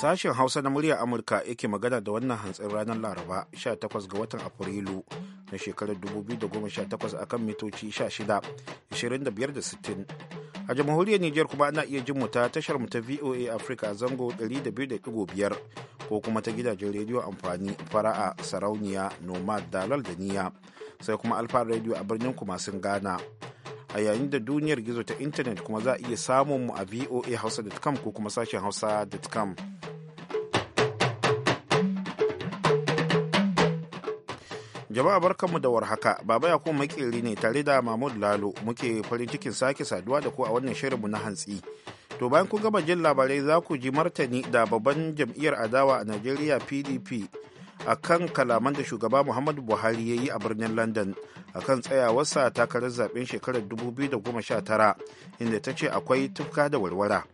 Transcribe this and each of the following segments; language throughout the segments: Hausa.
Sashen Hausa na muryar Amurka yake magana da wannan hantsin ranar Laraba 18 ga watan Afrilu na shekarar 2018 kan mitoci 16, 25 60. A jamhuriyar Nijar kuma ana iya jin mu ta tashar mu ta VOA Africa zango 200.5 ko kuma ta gidajen rediyo amfani fara'a sarauniya nomad dalal da niya sai kuma alfa radio a birnin kuma sun gana. a yayin da duniyar gizo ta intanet kuma za a iya samun mu a voa hausa.com ko kuma sashen hausa.com jama'a barkanmu da warhaka baba ya kuma makeri ne tare da mahmud lalo muke farin cikin sake saduwa da ku a wannan shirinmu na hantsi to bayan kun gama jin labarai za ku ji martani da babban jam'iyyar adawa a najeriya pdp a kan kalaman da shugaba muhammadu buhari ya yi a birnin london a kan tsayawarsa takarar zaben shekarar 2019 inda ta ce akwai tufka da warwara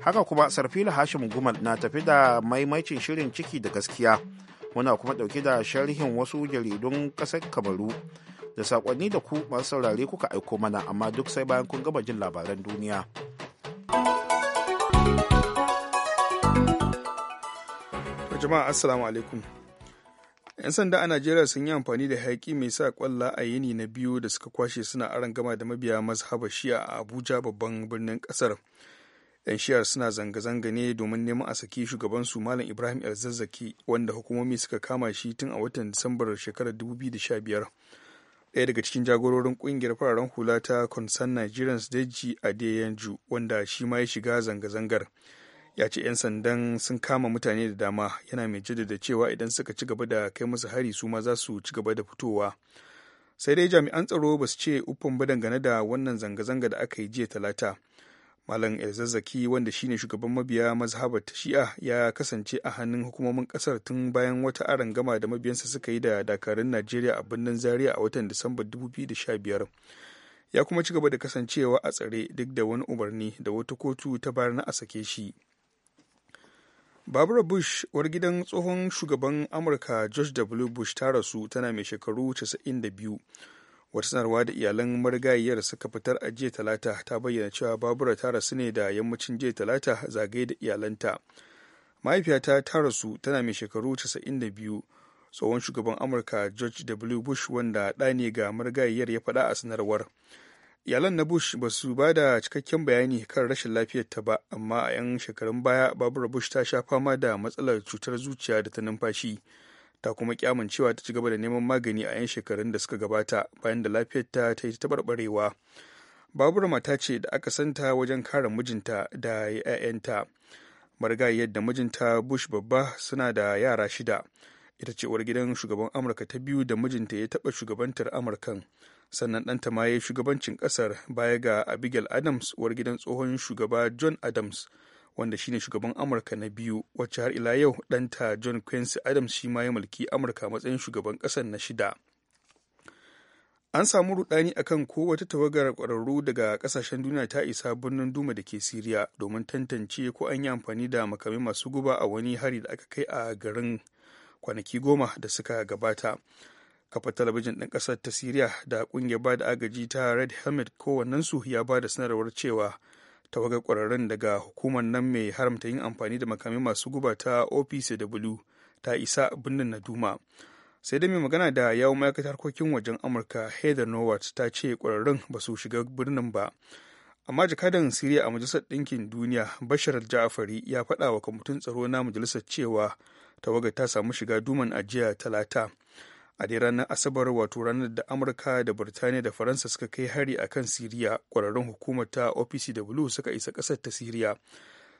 haka kuma sarfila hashim gumal na tafi da maimaicin shirin ciki da gaskiya muna kuma dauke da sharhin wasu jaridun kasar kamaru da sakonni da ku masu saurare kuka aiko mana amma duk sai bayan kun gama jin labaran duniya jama'a assalamu alaikum 'Yan sanda a Najeriya sun yi amfani da hayaki mai sa kwalla a yini na biyu da suka kwashe suna aron gama da mabiya mazhaba shi'a a Abuja babban birnin kasar. 'Yan shi'ar suna zanga-zanga ne domin neman a saki shugabansu Malam Ibrahim Elzazzaki wanda hukumomi suka kama shi tun a watan Disambar shekarar 2015. ɗaya daga cikin jagororin kungiyar fararen hula ta concern nigerians deji adeyanju wanda shi ma ya shiga zanga-zangar ya ce 'yan sandan sun kama mutane da dama yana mai jaddada cewa idan suka ci gaba da kai musu hari su ma za su ci gaba da fitowa sai dai jami'an tsaro ba su ce uffan ba dangane da wannan zanga-zanga da aka yi jiya talata malam elzazzaki wanda shine shugaban mabiya mazhabar shi'a ya kasance a hannun hukumomin kasar tun bayan wata arangama da mabiyansa suka yi da dakarun najeriya a birnin zaria a watan disamba 2015 ya kuma ci gaba da kasancewa a tsare duk da wani umarni da wata kotu ta bayar na a sake shi babura Bush, war gidan tsohon shugaban Amurka George W. Bush ta rasu tana mai shekaru 92. Wata sanarwa da iyalan marigayiyar suka fitar a jiya talata ta bayyana cewa babura ta rasu ne da yammacin jiya talata zagaye da iyalanta. Mahaifiyata ta rasu tana mai shekaru 92. Tsohon shugaban Amurka George W. Bush wanda ɗa ne ga marigayiyar ya faɗa a sanarwar. iyalan na bush ba su ba da cikakken bayani kan rashin lafiyarta ba amma a 'yan shekarun baya babura bush ta sha fama da matsalar cutar zuciya da ta numfashi ta kuma kyamun cewa ta ci gaba da neman magani a 'yan shekarun da suka gabata bayan da lafiyarta ta yi taɓarɓarewa babura mata ce da aka santa wajen kare mijinta da 'ya'yanta marigayi yadda mijinta bush babba suna da yara shida ita ce uwar gidan shugaban amurka ta biyu da mijinta ya taɓa shugabantar amurkan sannan ɗanta ma ya shugabancin ƙasar baya ga abigail adams uwar gidan tsohon shugaba john adams wanda shine shugaban amurka na biyu wacce har ila yau ɗanta john quincy adams shi ma ya mulki amurka matsayin shugaban ƙasar na shida an samu rudani akan ko wata tawagar kwararru daga ƙasashen duniya ta isa birnin duma da ke siriya domin tantance ko an yi amfani da makamai masu guba a wani hari da aka kai a garin kwanaki goma da suka gabata kafa talabijin ɗin ƙasar ta siriya da ƙungiyar ba da agaji ta red helmet kowannensu ya ba da sanarwar cewa tawagar ƙwararrun daga hukumar nan mai haramta yin amfani da makamai masu guba ta opcw ta isa birnin na duma sai dai mai magana da yawon ma'aikatar harkokin wajen amurka heather nowat ta ce ƙwararrun ba su shiga birnin ba amma jakadan siriya a majalisar ɗinkin duniya bashar ja'afari ya faɗa wa kwamitin tsaro na majalisar cewa tawagar ta samu shiga duman ajiya talata a dai ranar asabar wato ranar da amurka da birtaniya da faransa suka kai hari a kan siriya kwararrun hukumar ta opcw suka isa ƙasar ta siriya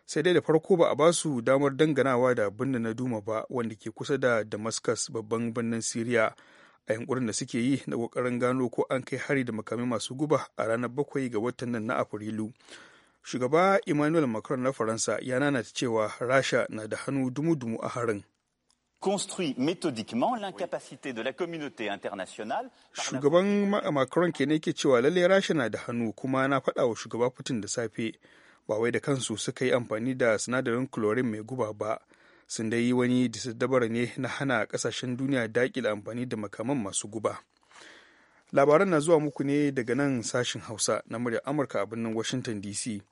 sai dai da farko ba a ba su damar danganawa da birnin na duma ba wanda ke kusa da damascus babban birnin siriya a yankurin da suke yi na kokarin gano ko an kai hari da makami masu guba a ranar bakwai ga watan nan na afrilu shugaba emmanuel macron na faransa ya nanata cewa rasha na da hannu dumu-dumu a harin construit méthodiquement l'incapacité de la communauté internationale. Shugaban Macron ke ne ke cewa lalle Rasha na da hannu kuma na faɗa wa shugaba Putin da safe ba wai da kansu suka yi amfani da sinadarin chlorine mai guba ba sun dai yi wani disadabara ne na hana kasashen duniya daƙila amfani da makaman masu guba. Labaran na zuwa muku ne daga nan sashin Hausa na murya Amurka a birnin Washington DC.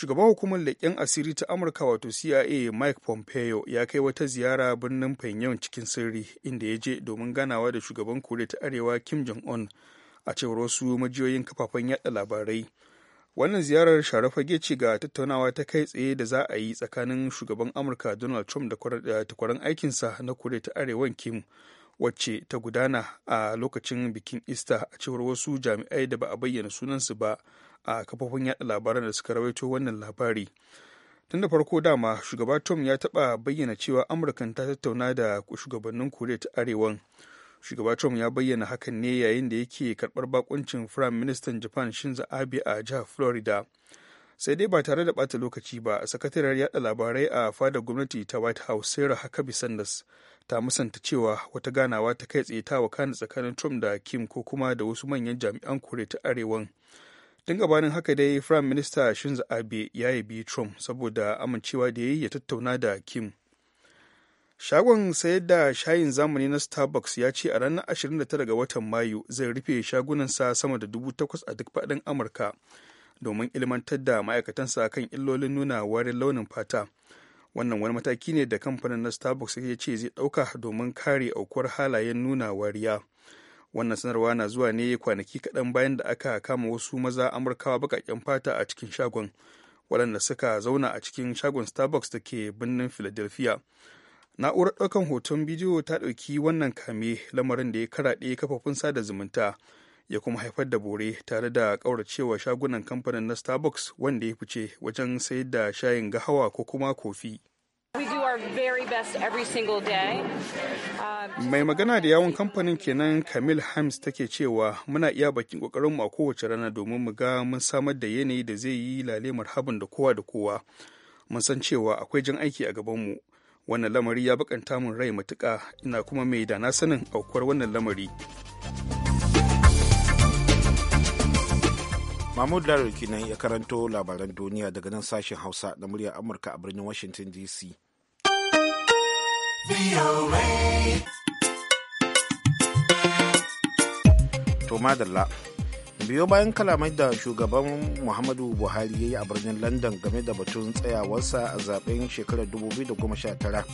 shugaban hukumar leƙen asiri ta amurka wato cia mike pompeo ya kai wata ziyara birnin pyongyang cikin sirri inda ya je domin ganawa da shugaban koriya ta arewa kim jong-un a cewar wasu majiyoyin kafafen yada labarai wannan ziyarar sharafage ce ga tattaunawa ta kai tsaye da za a yi tsakanin shugaban amurka donald trump da eh, takwaran aikinsa na koriya ta arewan kim wacce ta gudana a lokacin bikin easter a cewar wasu jami'ai da ba a bayyana sunansu ba a kafofin yaɗa labaran da suka rawaito wannan labari tun da farko dama shugaba tom ya taɓa bayyana cewa amurkan ta tattauna da shugabannin koriya ta arewan shugaba tom ya bayyana hakan ne yayin da yake karɓar bakuncin firayim ministan japan shinza abe a jihar florida sai dai ba tare da bata lokaci ba sakatariyar yada labarai a fadar gwamnati ta white house sarah huckabee sanders ta musanta cewa wata ganawa ta kai tsaye ta wakana tsakanin trump da kim ko kuma da wasu manyan jami'an kore ta arewan tun gabanin haka dai prime minister shinzo abe ya yabi trump saboda amincewa da ya yi ya tattauna da kim shagon sayar da shayin zamani na starbucks ya ce a ranar 29 ga watan mayu zai rufe shagunansa sama da 8,000 a duk faɗin amurka domin ilmantar da ma'aikatansa kan illolin nuna warin launin fata wannan wani mataki ne da kamfanin na starbucks ya ce zai ɗauka domin kare aukuwar halayen nuna wariya wannan sanarwa na zuwa ne kwanaki kaɗan bayan da aka kama wasu maza amurkawa baƙaƙen fata a cikin shagon waɗanda suka zauna a cikin shagon starbucks da ke birnin philadelphia na'urar ɗaukan hoton bidiyo ta ɗauki wannan kame lamarin da ya karaɗe kafafun sada zumunta ya kuma haifar da bore tare da ƙauracewa shagunan kamfanin na starbucks wanda ya fice wajen sayar da shayin gahawa ko kuma kofi Um, mai magana da yawon kamfanin kenan Camille Hams take cewa muna iya bakin kokarinmu a kowace rana domin mu ga mun samar da yanayi da zai yi lalemar habin da kowa da kowa. Mun san cewa akwai jan aiki a gabanmu. Wannan lamari ya bakanta mun rai matuka ina kuma mai da na sanin aukuwar wannan lamari. Mahmud Laro kenan ya karanto labaran duniya daga nan sashen Hausa na muryar Amurka a birnin Washington DC. To madalla. biyo bayan kalamai da shugaban muhammadu buhari ya yi a birnin london game da batun tsayawarsa a zaben shekarar 2019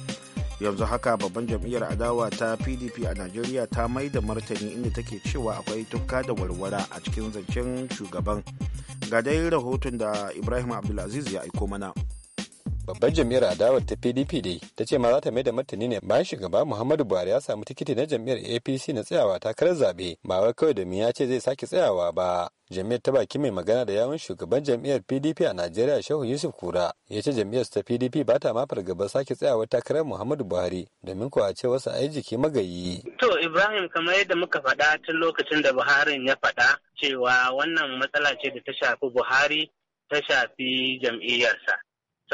yanzu haka babban jam'iyyar adawa ta pdp a najeriya ta mai da martani inda take cewa akwai tukka da warwara a cikin zancen shugaban ga dai rahoton da ibrahim abdulaziz ya aiko mana babbar jam'iyyar adawar ta pdp dai ta ce ma za ta mai da martani ne bayan shugaba muhammadu buhari ya samu tikiti na jam'iyyar apc na tsayawa takarar zaɓe ba wai kawai domin ya ce zai sake tsayawa ba jam'iyyar ta baki mai magana da yawun shugaban jam'iyyar pdp a najeriya shehu yusuf kura ya ce jam'iyyar ta pdp ba ta ma fargaba sake tsayawa takarar muhammadu buhari domin kuwa ce wasu ayi jiki magayi. to ibrahim kamar yadda muka faɗa tun lokacin da buharin ya faɗa cewa wannan matsala ce da ta shafi buhari ta shafi jam'iyyarsa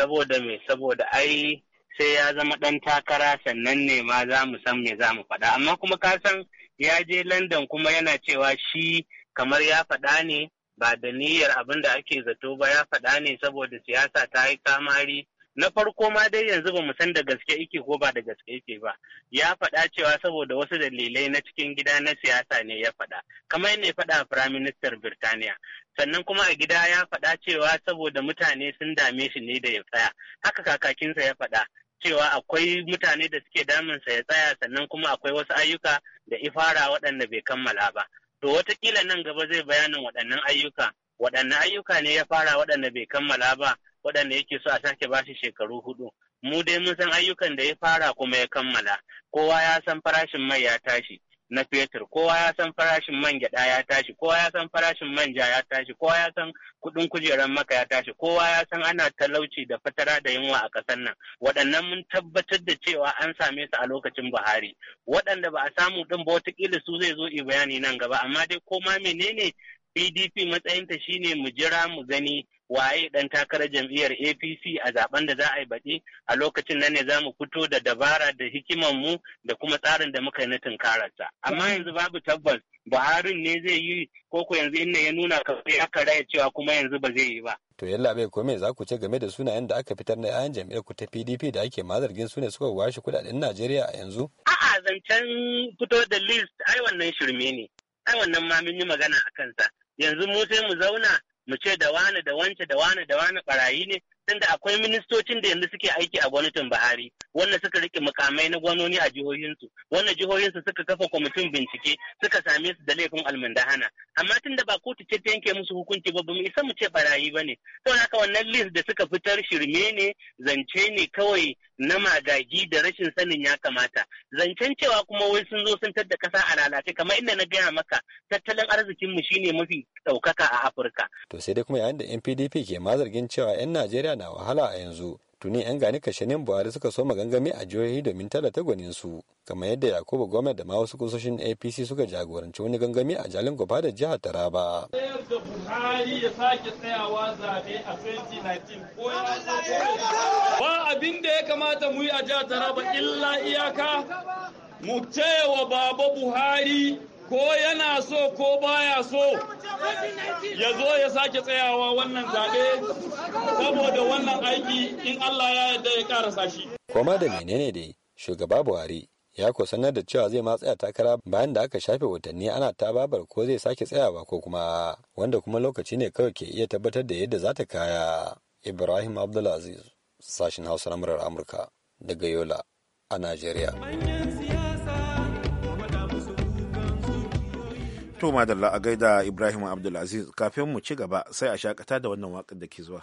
saboda me saboda ai sai ya zama ɗan takara sannan ne ma za mu san me za mu faɗa amma kuma ka san ya je Landan kuma yana cewa shi kamar ya faɗa ne ba da niyyar abin da ake zato ba ya faɗa ne saboda siyasa ta yi kamari na farko ma dai yanzu ba mu san da gaske yake ko ba da gaske yake ba ya faɗa cewa saboda wasu dalilai na cikin gida na siyasa ne ya faɗa kamar ne faɗa firayim ministar birtaniya sannan kuma a gida ya faɗa cewa saboda mutane sun dame shi ne da ya tsaya haka kakakinsa ya faɗa cewa akwai mutane da suke damunsa ya tsaya sannan kuma akwai wasu ayyuka da ifara waɗanda bai kammala ba to watakila nan gaba zai bayanin waɗannan ayyuka Waɗannan ayyuka ne ya fara waɗanda bai kammala ba waɗanda yake so a sake bashi shekaru hudu mu dai mun san ayyukan da ya fara kuma ya kammala kowa ya san farashin mai ya tashi na fetur kowa ya san farashin man gyada ya tashi kowa ya san farashin manja ya tashi kowa ya san kudin kujeran maka ya tashi kowa ya san ana talauci da fatara da yunwa a ƙasar nan waɗannan mun tabbatar da cewa an same su a lokacin buhari waɗanda ba a samu ɗin ba watakila su zai zo i bayani nan gaba amma dai koma menene pdp matsayinta shine mu jira mu gani waye dan takarar jam'iyyar APC a zaben da za a yi baɗi a lokacin nan ne za mu fito da dabara da hikimar mu da kuma tsarin da muka yi na tunkararsa. Amma yanzu babu tabbas Buhari ne zai yi koko yanzu inda ya nuna kafai Ya raya cewa kuma yanzu ba zai yi ba. To yalla bai kome za ku ce game da sunayen da aka fitar na 'ya'yan jam'iyyar ku ta PDP da ake mazargin su ne suka washe kudaden Najeriya a yanzu? A'a zancen fito da list ai wannan shirme ne. Ai wannan ma mun yi magana a kansa. Yanzu mu sai mu zauna mu ce da wani da wance da wani da wani barayi ne da akwai ministocin da yanzu suke aiki a gwamnatin Buhari wanda suka rike mukamai na gwanoni a jihohinsu wanda jihohinsu suka kafa kwamitin bincike suka same su da laifin almundahana amma tun da ba kotu ce ta yanke musu hukunci ba mu isa mu ce barayi ba ne saboda haka wannan list da suka fitar shirme ne zance ne kawai na magagi da rashin sanin ya kamata zancen cewa kuma wai sun zo sun tadda kasa a lalace kamar inda na gaya maka tattalin arzikin mu shine mafi ɗaukaka a Afirka to sai dai kuma yayin da NPDP ke ma zargin cewa 'yan Najeriya na wahala a yanzu tuni yan gani kashenin buhari suka soma gangami a jihohi domin talata gwanin su kamar yadda yakubu gwamnati da ma wasu kusoshin apc suka jagoranci wani gangami a jalin gaba da jihar taraba da ba abin ya kamata mu yi a jihar taraba illa iyaka mu wa baba buhari ko yana so ko baya so ya zo ya sake tsayawa wannan zaɓe saboda wannan aiki in Allah ya yarda ya karasa shi. Koma da menene dai shugaba Buhari ya ko sanar da cewa zai ma takara bayan da aka shafe watanni ana ta babar ko zai sake tsayawa ko kuma wanda kuma lokaci ne kawai ke iya tabbatar da yadda za ta kaya. Ibrahim Abdulaziz, sashen Hausa na Amurka daga Yola a Najeriya. To madalla a gaida Ibrahim Abdulaziz kafin mu ci gaba sai a shakata da wannan waƙar da ke zuwa.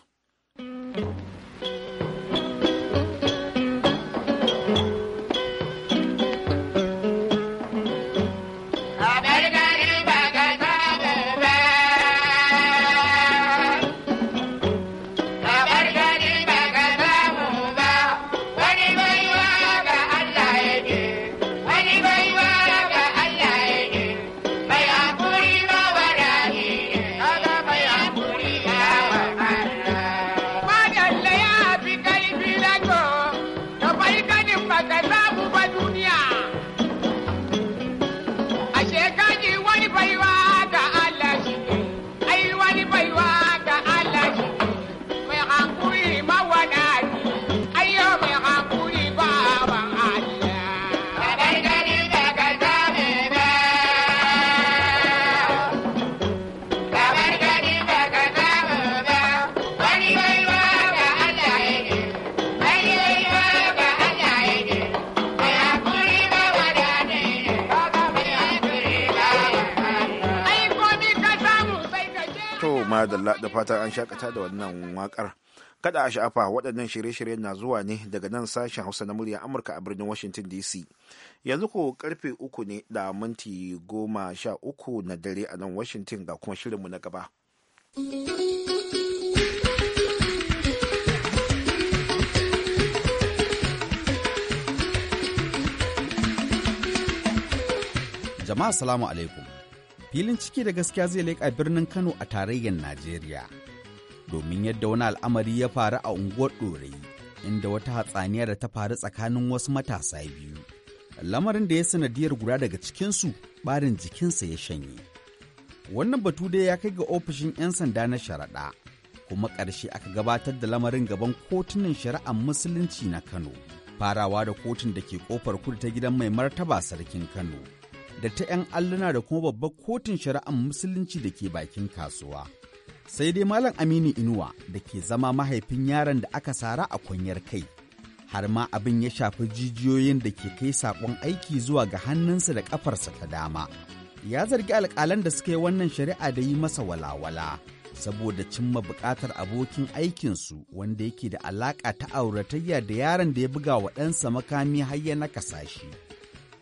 fatan an shakata da wannan wakar kada a sha'afa waɗannan shirye shiryen na zuwa ne daga nan sashen hausa na muryar amurka a birnin washington dc yanzu ko karfe uku ne da minti goma sha uku na dare a nan washington ga kuma shirinmu na gaba jama'a salamu alaikum filin ciki da gaskiya zai leƙa birnin Kano a tarayyar Najeriya. Domin yadda wani al'amari ya faru a unguwar Ɗorayi, inda wata hatsaniya da ta faru tsakanin wasu matasa biyu. Lamarin da ya sanadiyar guda daga cikinsu barin jikinsa ya shanye. Wannan batu dai ya kai ga ofishin 'yan sanda na sharaɗa, kuma ƙarshe aka gabatar da lamarin gaban kotunan shari'ar musulunci na Kano, farawa da kotun da ke kofar kudu ta gidan mai martaba sarkin Kano. da ta 'yan alluna da kuma babbar kotun shari'ar musulunci da ke bakin kasuwa. Sai dai Malam Aminu Inuwa da ke zama mahaifin yaron da aka sara a kunyar kai. Har ma abin ya shafi jijiyoyin da ke kai saƙon aiki zuwa ga hannunsa da ƙafarsa ta dama. Ya zargi alƙalan da suka yi wannan shari'a da yi masa walawala. saboda cimma buƙatar abokin aikinsu wanda yake da alaƙa ta auratayya da yaron da ya buga wa ɗansa makami har ya nakasa shi.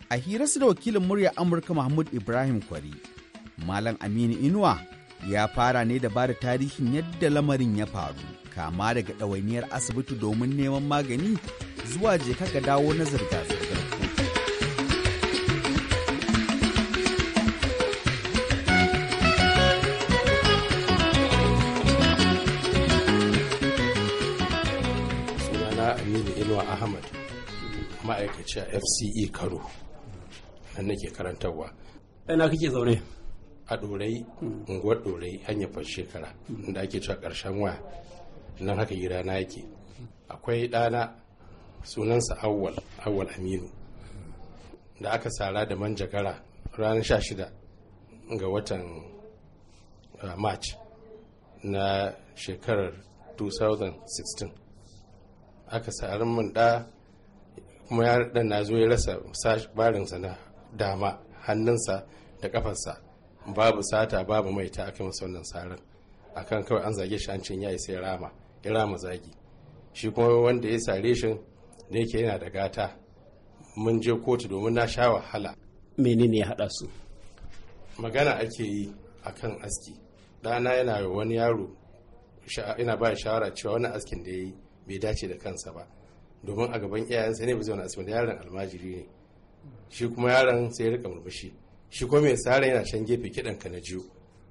a su da wakilin murya amurka mahmud ibrahim kwari malam aminu inuwa ya fara ne da bada tarihin yadda lamarin ya faru kama daga ɗawainiyar asibiti domin neman magani zuwa je kaka dawo na zirga-zirgar ahmad ma'aikaci a fce karo nan nake karantarwa ina kake zaune a dorai unguwar dorai hanyar fashe shekara da ake cewa ƙarshen waya nan haka gida na yake akwai ɗana sunansa awwal awwal aminu da aka sara da manjagara ranar sha shida ga watan ah, march na shekarar 2016 aka sari mun da kuma ya na zo ya rasa barinsa na dama hannunsa da kafarsa babu sata babu mai ta akan wannan a akan kawai an zage shi an cin yayi sai rama rama zagi shi kuma wanda ya sare shi da yake yana da gata mun je kotu domin na sha wahala menene ya hada su magana ake yi akan aski ɗana yana wani yaro ina ba shawara cewa wani askin da ya yi bai dace da kansa ba domin a gaban iyayensa ne bai zaune asibiti yaron almajiri ne shi kuma yaron sai ya rika murmushi shi kuma mai tsara yana can gefe kiɗan ka na jiyo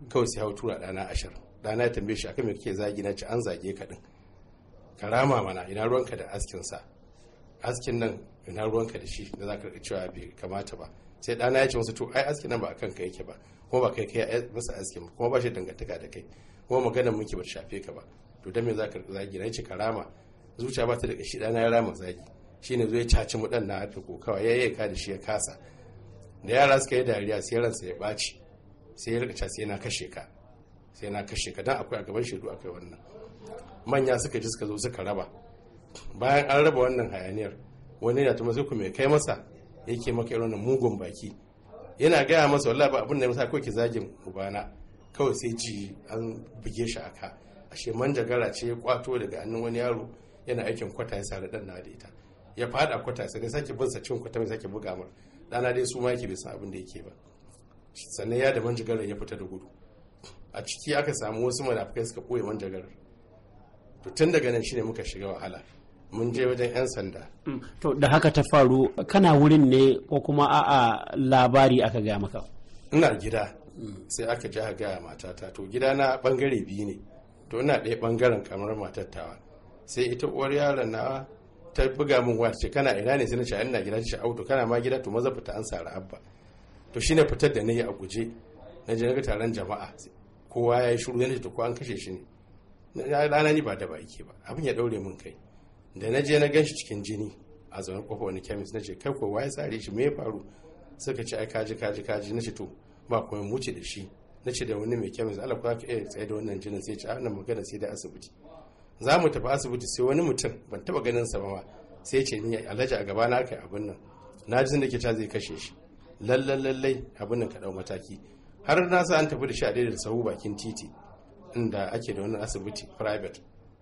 kawai sai hau tura ɗana ashar ɗana ya tambaye shi akan me kake zagi na ci an zage ka ɗin ka rama mana ina ruwanka da askin sa askin nan ina ruwanka da shi da za ka cewa bai kamata ba sai ɗana ya ce masa to ai askin nan ba akan kanka yake ba kuma ba kai kai masa askin kuma ba shi dangantaka da kai kuma magana muke ba shafe ka ba to dan me za ka zagi na ci ka rama zuciya ba ta da kashi ɗana ya rama zagi shine zo ya caci mu dan na hafi ko kawai yayi ka da shi ya kasa da yara suka yi dariya sai ransa ya baci sai ya rika sai na kashe ka sai na kashe ka dan akwai a gaban shedu akai wannan manya suka ji suka zo suka raba bayan an raba wannan hayaniyar wani ya tuma sai ku mai kai masa yake maka irin mugun baki yana gaya masa wallahi ba abin da ya masa ko ki zagin ubana kawai sai ji an buge shi aka ashe manjagara ce ya kwato daga hannun wani yaro yana aikin kwata ya sare dan na da ita ya fada kwata sai dai sake bin sa cin kwata mai sake buga mar dana dai su ma yake bai san abin da yake ba sannan ya da manjagarar ya fita da gudu a ciki aka samu wasu madafukai suka koya manjagarar to tun daga nan shine muka shiga wahala mun je wajen 'yan sanda. Mm, to da haka ta faru kana wurin ne ko kuma a'a labari aka gaya maka? Ina gida sai aka ji gaya matata to gida na bangare biyu ne to ina ɗaya bangaren kamar matattawa sai ita uwar yaron na ta buga min waya ce kana ina ne sai na ina gida ce auto kana ma gida to maza fita an sara abba to shine fitar da nayi a guje na je na ga taron jama'a kowa ya yi shiru yana to ko an kashe shi ne rana ni ba da ba yake ba abin ya daure min kai da na je na gan shi cikin jini a zaune kofa wani kemis na ce kai ko waye tsare shi me ya faru suka ce ai kaji kaji kaji na ce to ba kuma muce wuce da shi na ce da wani mai kemis Allah ko ka iya tsaye da wannan jinin sai ce a wannan magana sai da asibiti za mu tafi asibiti sai wani mutum ban taba ganin sa ba sai ce ni alhaji a gaba na kai abin nan na ji da ke ta zai kashe shi lallan lallai abin nan ka dau mataki har na sa an tafi da shi a daidai da sahu bakin titi inda ake da wani asibiti private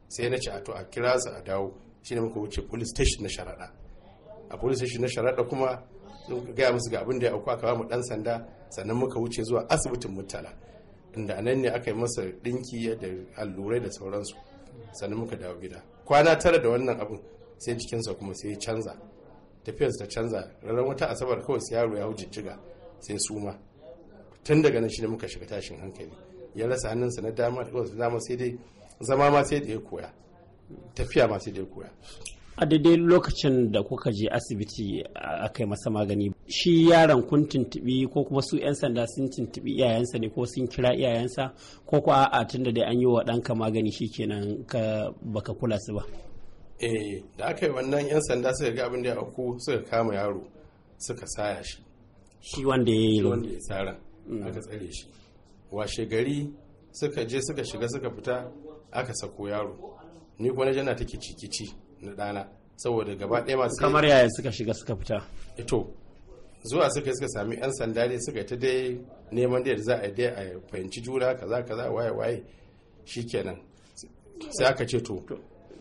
sai na ce a to a kira su a dawo shine muka wuce police station na sharaɗa a police station na sharaɗa kuma sun gaya musu ga abin da ya auku aka ba mu dan sanda sannan muka wuce zuwa asibitin mutala inda anan ne aka yi masa dinki da allurai da sauransu sannan muka dawo gida kwana tara da wannan abun sai jikinsa kuma sai canza tafiyarsa ta canza ranar wata asabar kawai sai yaro ya hau jijjiga sai suma tun daga nan shi ne muka shiga tashin hankali ya rasa hannunsa na dama dama sai dai zama ma sai da ya koya tafiya ma sai da ya koya a daidai lokacin da kuka je asibiti a kai masa magani shi yaron kun tuntubi ko kuma su 'yan sanda sun tuntubi iyayensa ne ko sun kira iyayensa ko ko a'a tunda dai an yi wa ɗanka magani shi kenan ka baka kula su ba eh da aka yi wannan 'yan sanda suka ga abin da ya auku suka kama yaro suka saya shi shi wanda ya yi wanda ya tsara mm. aka tsare shi washe gari suka je suka shiga suka fita aka sako yaro ni kuma na jana take cikici na ɗana saboda gaba ɗaya masu kamar yaya suka shiga suka fita ito eh zuwa suka suka sami yan sanda ne suka ta dai neman da za a dai a fahimci juna kaza kaza waye waye shikenan sai aka ce to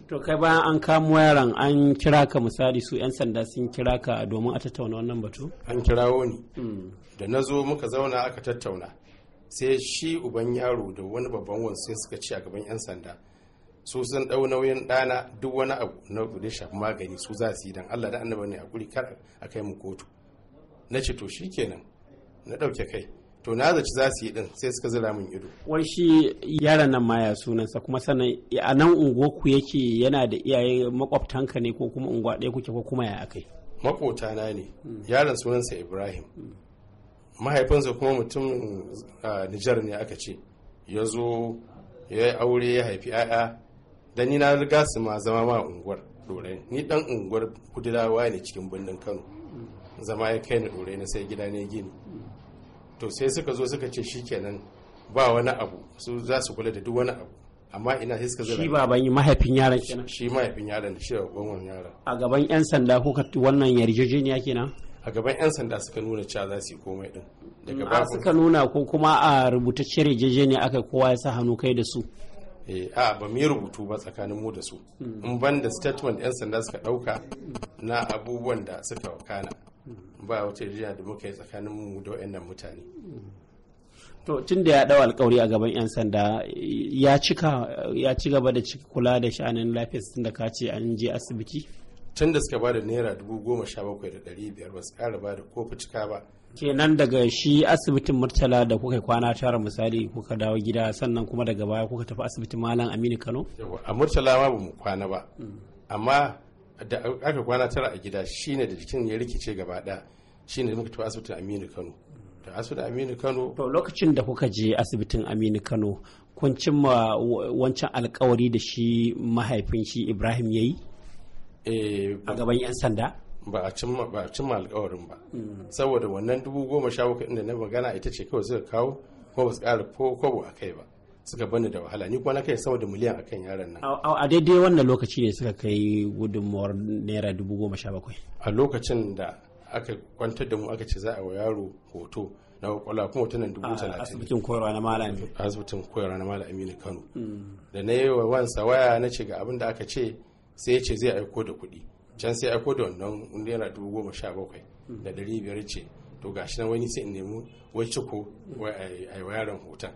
to kai bayan an kamo yaran an kira ka misali su 'yan sanda sun kira ka domin a tattauna wannan batu an kirawo ni hmm. da na zo muka zauna aka tattauna sai shi uban yaro da wani babban wansu suka ci a gaban 'yan sanda su sun ɗau nauyin ɗana duk wani abu na da shafi magani su za su yi dan Allah da annaba ne a hakuri kar a kai mu kotu na ce to shikenan na ɗauke kai to na zaci za su yi din sai suka zira min ido wai shi yaran nan ma ya sunan sa kuma sannan a nan unguwarku yake yana da iyaye makwabtanka ne ko kuma unguwa ɗaya kuke ko kuma ya akai na ne yaran sunansa ibrahim mahaifinsa kuma mutum ah, nijar ne aka ce ya zo ya yi aure ya haifi 'ya'ya da ni na riga su ma zama ma unguwar dore ni dan unguwar kudilawa ne cikin birnin kano zama ya kai ni dore na sai gida ne gini to sai suka zo suka ce shikenan ba wani abu su za su kula da duk wani abu amma ina sai suka zara shi baban mahaifin yaron kenan shi mahaifin yaron shi babban wannan yaron a gaban yan sanda kuka wannan yarjejeniya kenan a gaban yan sanda suka nuna cewa za su yi komai din daga ba suka nuna ko kuma a rubutacciyar yarjejeniya aka kowa ya sa hannu kai da su Eh, a ba mu yi rubutu ba tsakanin mu da su hmm. in ban da statement 'yan sanda suka ɗauka na abubuwan da suka wakana hmm. ba wata jiya da muka yi tsakanin mu da wayannan mutane hmm. to tun da ya dawo alkawari a gaban 'yan sanda ya cika ya ci gaba da kula da sha'anin lafiyar tun da ka ce an je asibiti tun da suka bada naira dubu goma sha bakwai da ɗari biyar ba su ƙara bada ko cika ba kenan daga shi asibitin murtala da kuka kwana tara misali kuka dawo gida sannan kuma daga baya kuka tafi asibitin malam aminu kano a murtala ma ba mu kwana ba mm. amma da aka kwana tara a gida shine da jikin ya rikice gaba ɗaya shine muka tafi asibitin aminu kano da asibitin aminu kano to lokacin da kuka je asibitin aminu kano kun cimma wancan alkawari da shi mahaifin shi ibrahim ya yi Eh, a gaban 'yan sanda ba a cimma ba alkawarin ba saboda wannan dubu goma sha bakwai inda na magana ita ce kawai suka kawo kuma ba su kara kobo a kai ba suka bani da wahala ni kuma na kai sama da miliyan akan yaran nan a daidai wannan lokaci ne suka kai gudunmuwar naira dubu goma sha bakwai a lokacin da aka kwantar da mu aka ce za a wa yaro hoto na kwakwala kuma wata nan dubu talatin asibitin koyarwa na malam asibitin koyarwa na malam aminu kano mm. da na yi wa wansa waya na ce ga abin da aka ce sai ya ce zai aiko da kuɗi can sai aiko da wannan naira dubu goma sha bakwai da ɗari biyar ce to gashi na wani sai in nemi wacce ko a yi hoton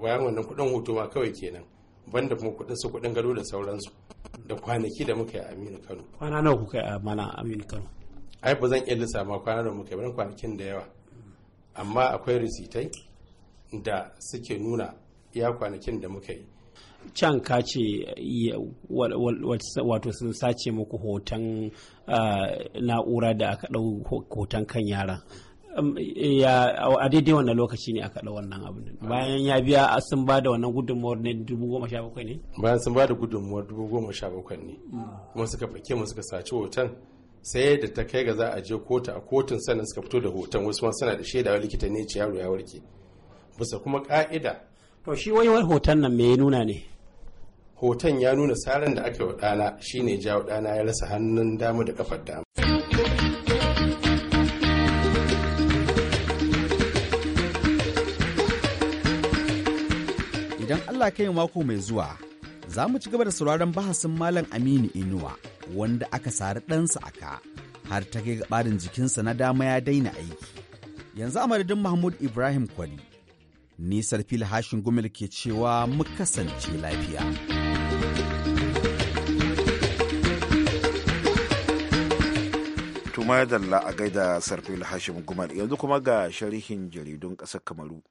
wayan wannan kuɗin hoto ma kawai kenan banda kuma kuɗin su kuɗin gado da sauransu da kwanaki da muka yi aminu kano kwana nawa kuka yi a mana aminu kano ai ba zan iya lissa ma kwana nawa muka yi kwanakin da yawa amma akwai risitai da suke nuna iya kwanakin da muka yi can ka ce wato sun sace muku hoton na'ura da aka ɗau hoton kan yara a daidai wannan lokaci ne aka ɗau wannan abu bayan ya biya sun ba da wannan gudunmuwar ne dubu goma sha bakwai ne bayan sun ba da gudunmuwar dubu goma sha bakwai ne kuma suka fake mu suka saci hoton sai da ta kai ga za a je kotu a kotun sannan suka fito da hoton wasu suna da shaidawa likita ne ce yaro ya warke bisa kuma ka'ida to shi wai wai hoton nan me ya nuna ne hoton ya nuna tsarin da aka yi wa ɗana shine jawo ɗana ya rasa hannun dama da kafar dama idan Allah kai mako mai zuwa za mu ci gaba da sauraron bahasin malam aminu inuwa wanda aka sari ɗansa a ka har ta kai gabarin jikinsa na dama ya daina aiki yanzu a madadin mahmud ibrahim Kwari, nisar fil hashin gumil ke cewa mu kasance lafiya. Umar ya dalla a gaida Sarfil Hashim Gumal yanzu kuma ga sharihin jaridun ƙasar Kamaru.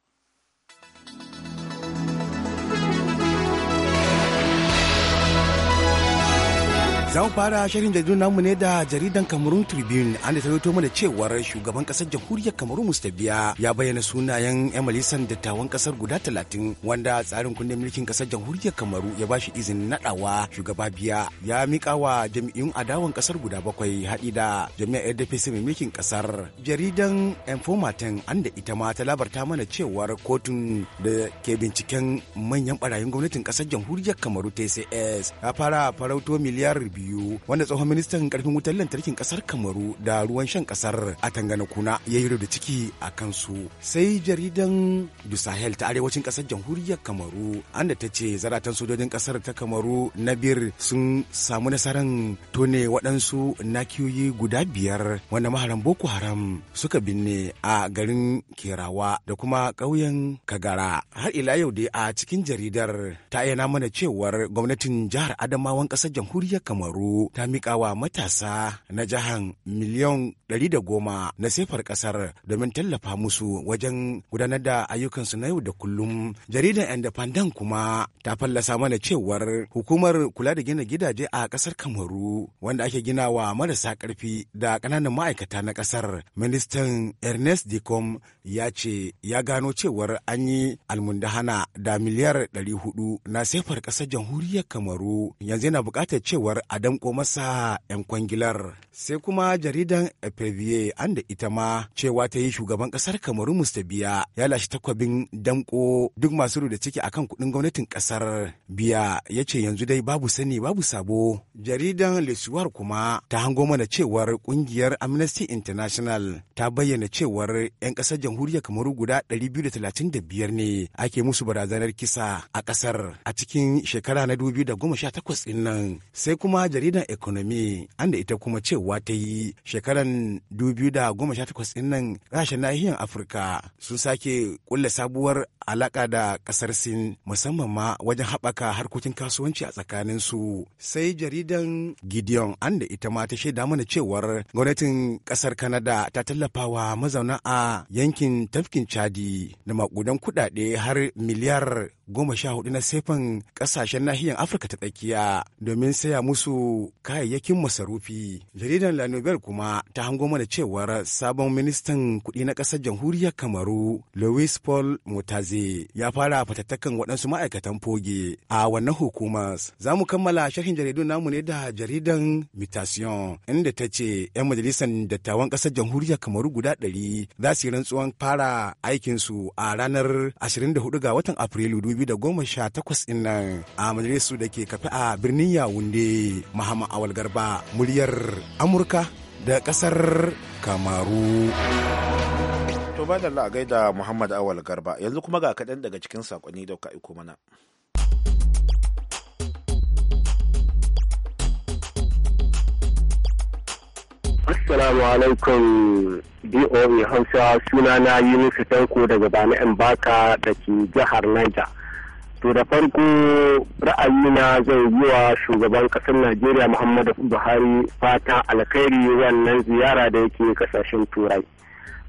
za mu fara shirin jaridun namu ne da jaridan Cameroon Tribune an da ta rawaito mana cewar shugaban kasar jamhuriyar Cameroon Mustabiya ya bayyana sunayen 'yan da dattawan kasar guda talatin wanda tsarin kundin mulkin kasar jamhuriyar Kamaru ya bashi izinin nadawa shugaba biya ya mika wa jami'un adawan kasar guda bakwai haɗi da jami'ar RDPC mai mulkin kasar jaridan Informatin an da ita ma ta labarta mana cewar kotun da ke binciken manyan barayin gwamnatin kasar jamhuriyar Kamaru TCS ya fara farauto miliyar biyu biyu wanda tsohon ministan karfin wutar lantarkin kasar kamaru da ruwan shan kasar a tanganakuna ya yi da ciki a kansu sai jaridan du sahel ta arewacin kasar jamhuriyar kamaru Anda ta ce zaratan sojojin kasar ta kamaru na bir sun samu nasarar tone waɗansu nakiyoyi guda biyar wanda maharan boko haram suka binne a garin kerawa da kuma ƙauyen kagara har ila yau dai a cikin jaridar ta ayyana mana cewar gwamnatin jihar adamawan ƙasar jamhuriyar kamaru shekaru ta miƙa wa matasa na jihan miliyan ɗari da goma na sefar ƙasar domin tallafa musu wajen gudanar da ayyukansu na yau da kullum. Jaridar Independent kuma ta fallasa mana cewar hukumar kula da gina gidaje a ƙasar Kamaru wanda ake gina wa marasa ƙarfi da ƙananan ma'aikata na ƙasar. Ministan Ernest Dicom ya ce ya gano cewar an yi almundahana da miliyar 400 na sefar ƙasar jamhuriyar Kamaru yanzu yana buƙatar cewar a danko masa 'yan kwangilar sai kuma jaridan Epevier an da ita ma cewa ta yi shugaban kasar kamaru musta biya ya lashe takwabin danko duk masu da ciki akan kudin gwamnatin kasar biya ya ce yanzu dai babu sani babu sabo jaridan lesuwar kuma ta hango mana cewar kungiyar amnesty international ta bayyana cewar 'yan kasar jamhuriyar kamaru guda 235 ne ake musu barazanar kisa a kasar a cikin shekara na 2018 din nan sai kuma jaridar economy an da ita kuma cewa ta yi shekaran 2018 din nan rashin nahiyar afirka sun sake kulle sabuwar alaka da kasar sin musamman ma wajen haɓaka harkokin kasuwanci a tsakanin su sai jaridan gideon anda ita ma ta shaida mana cewar gwamnatin kasar Kanada ta tallafawa mazauna a yankin tafkin chadi da makudan kuɗaɗe har miliyar goma sha hudu na sefan kasashen nahiyar afirka ta tsakiya domin saya musu kayayyakin masarufi jaridar la nouvelle kuma ta hango mana cewar sabon ministan kudi na kasar jamhuriyar kamaru louis paul Motazi ya fara fatattakan waɗansu ma'aikatan foge a wannan hukumar za mu kammala sharhin jaridu namu ne da jaridan mutation inda ta ce 'yan majalisar dattawan kasar jamhuriyar kamaru guda ɗari za su yi rantsuwan fara aikinsu a ranar 24 ga watan afrilu 2018 din nan a majalisu da ke kafe a birnin Yawunde mahama Awal Garba muryar Amurka da ƙasar Kamaru. To ba da la'agai da Muhammad Awal Garba yanzu kuma ga kaɗan daga cikin saƙonni da ka iko mana. Assalamu alaikum BOA Hausa yi Yunus Tanko daga Bani baka da ke jihar Niger. to da farko ra'ayina zai yi wa shugaban kasar najeriya muhammadu buhari fatan alkhairi wannan ziyara da yake kasashen turai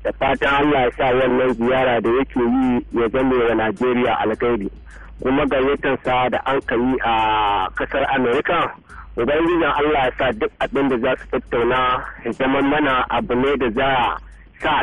da fatan allah ya sa wannan ziyara da yake yi ya zame wa najeriya alkhairi kuma sa da an yi a kasar amerika ubangijin allah ya sa duk abin da za su tattauna ya zama mana abu ne da za sa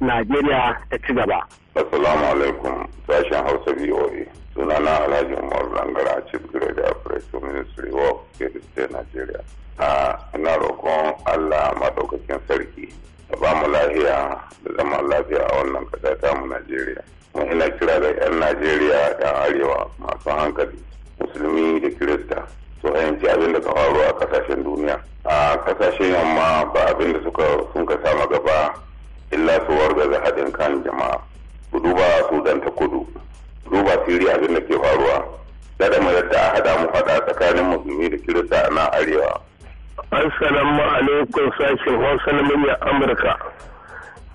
najeriya ta ci gaba Assalamu alaikum sashen Hausa suna Sunana Alhaji Umar Rangara Chief Grade Operation Ministry of State State Nigeria. A ah, ina roƙon Allah maɗaukakin sarki a ba mu lafiya da zaman lafiya a wannan ƙasa ta mu Najeriya. Mu ina kira da 'yan Najeriya da Arewa masu hankali, Musulmi da Kirista. su fahimci abin da ka faru a kasashen duniya. A kasashen yamma ba abin da suka sun ka sama gaba illa su wargaza haɗin kan jama'a. ku duba su ta kudu duba siri abin da ke faruwa da mu yadda a hada mu fada tsakanin musulmi da kirista na arewa assalamu alaikum sashen hausa na murya amurka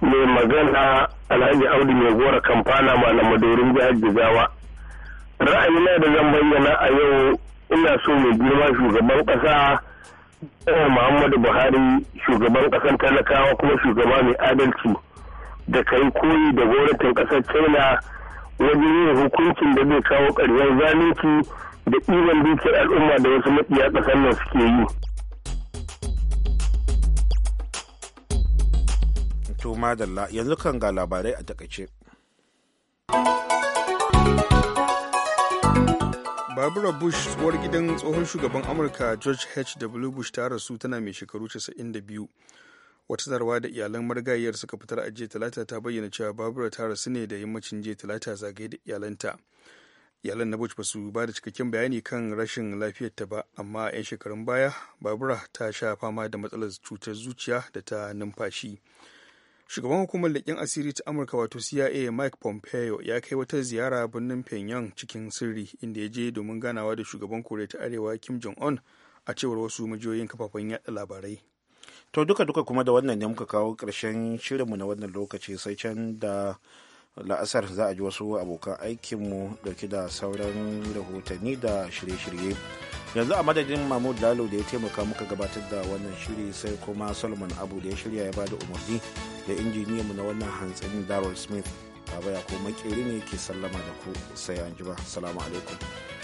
mai magana alhaji audu mai gora kamfana malam madorin jihar jigawa ra'ayina da zan bayyana a yau ina so mai girma shugaban kasa muhammadu buhari shugaban kasan talakawa kuma shugaba mai adalci da kai koyi da gwamnatin kasar china wajen yin hukuncin da zai kawo ƙarshen zalunci da ɗiban dukiyar al'umma da wasu maɗiya ƙasar nan suke yi. To madalla yanzu kan ga labarai a takaice. Barbara Bush tsohuwar gidan tsohon shugaban Amurka George H.W. Bush ta rasu tana mai shekaru 92. wata sanarwa da iyalan marigayiyar suka fitar a jiya talata ta bayyana cewa babura ta rasu ne da yammacin jiya talata zagaye da iyalanta iyalan na bush ba su ba da cikakken bayani kan rashin lafiyarta ba amma a 'yan shekarun baya babura ta sha fama da matsalar cutar zuciya da ta numfashi shugaban hukumar leƙen asiri ta amurka wato cia mike pompeo ya kai wata ziyara birnin pyongyang cikin sirri inda ya je domin ganawa da shugaban koriya ta arewa kim jong-un a cewar wasu majiyoyin kafafen yada labarai to duka duka kuma da wannan ne muka kawo ƙarshen shirinmu na wannan lokaci sai can da la'asar za a ji wasu abokan aikinmu dauke da sauran rahotanni da shirye-shirye yanzu a madadin mahmud lalo da ya taimaka muka gabatar da wannan shiri sai kuma solomon abu da ya shirya ya bada umarni da mu na wannan hantsin darrell smith baba ya ko makeri ne ke sallama da ku sai an ji ba alaikum